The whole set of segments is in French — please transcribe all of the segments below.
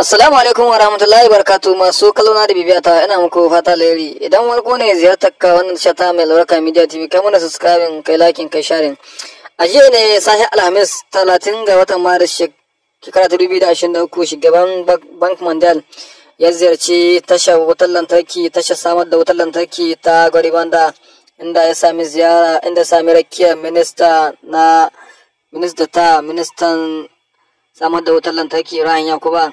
Assalamu alaikum wa rahmatullahi barkatu masu kallona da bibiyata ina muku fata lairi idan warko ne ziyartar ka wannan shata mai lauraka media tv kai mana subscribing kai like kai share a jiya ne sahi alhamis 30 ga watan maris shekara 2023 shugaban bank mondial ya ziyarci tasha wutar lantarki tasha samar da wutar lantarki ta gwaribanda inda ya sami ziyara inda sami rakiya minista na minista ta ministan samar da wutar lantarki ra'ayin Yakuba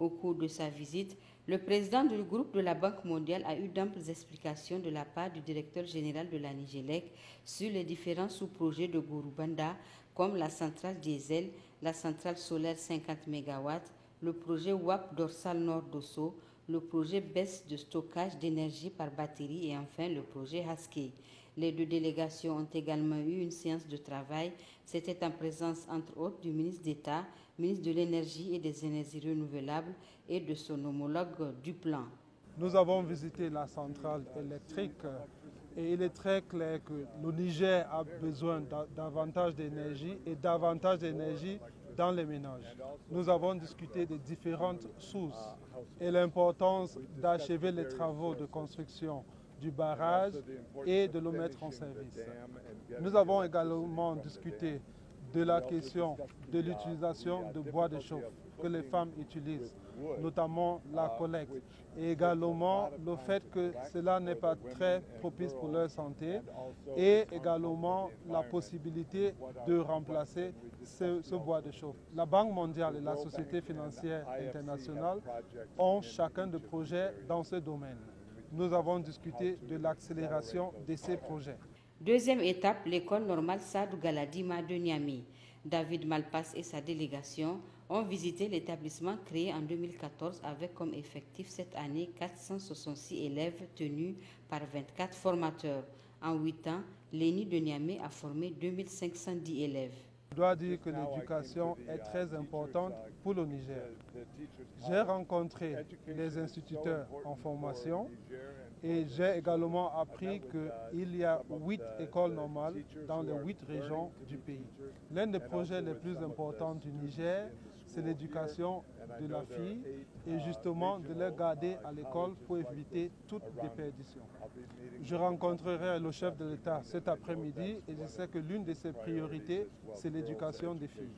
Au cours de sa visite, le président du groupe de la Banque mondiale a eu d'amples explications de la part du directeur général de la Nigélec sur les différents sous-projets de Gorubanda, comme la centrale diesel, la centrale solaire 50 MW, le projet WAP dorsal nord d'Osso, le projet baisse de stockage d'énergie par batterie et enfin le projet Haskey. Les deux délégations ont également eu une séance de travail. C'était en présence, entre autres, du ministre d'État, ministre de l'Énergie et des Énergies renouvelables et de son homologue du plan. Nous avons visité la centrale électrique et il est très clair que le Niger a besoin davantage d'énergie et davantage d'énergie dans les ménages. Nous avons discuté des différentes sources et l'importance d'achever les travaux de construction du barrage et de le mettre en service. Nous avons également discuté de la question de l'utilisation de bois de chauffe que les femmes utilisent, notamment la collecte, et également le fait que cela n'est pas très propice pour leur santé, et également la possibilité de remplacer ce, bois de chauffe. La Banque mondiale et la Société financière internationale ont chacun des projets dans ce domaine. Nous avons discuté de l'accélération de ces projets. Deuxième étape, l'école normale Sadou Galadima de Niamey. David Malpass et sa délégation ont visité l'établissement créé en 2014 avec comme effectif cette année 466 élèves tenus par 24 formateurs. En 8 ans, l'ENI de Niamey a formé 2510 élèves. Je dois dire que l'éducation est très importante pour le Niger. J'ai rencontré les instituteurs en formation et j'ai également appris qu'il y a huit écoles normales dans les huit régions du pays. L'un des projets les plus importants du Niger c'est l'éducation de la fille et justement de la garder à l'école pour éviter toute déperdition. Je rencontrerai le chef de l'État cet après-midi et je sais que l'une de ses priorités, c'est l'éducation des filles.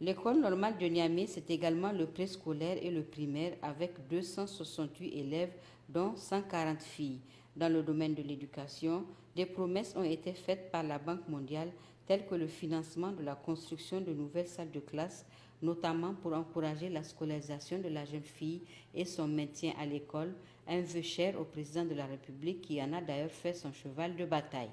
L'école normale de Niamey, c'est également le pré-scolaire et le primaire avec 268 élèves, dont 140 filles. Dans le domaine de l'éducation, des promesses ont été faites par la Banque mondiale tel que le financement de la construction de nouvelles salles de classe, notamment pour encourager la scolarisation de la jeune fille et son maintien à l'école, un vœu cher au président de la République qui en a d'ailleurs fait son cheval de bataille.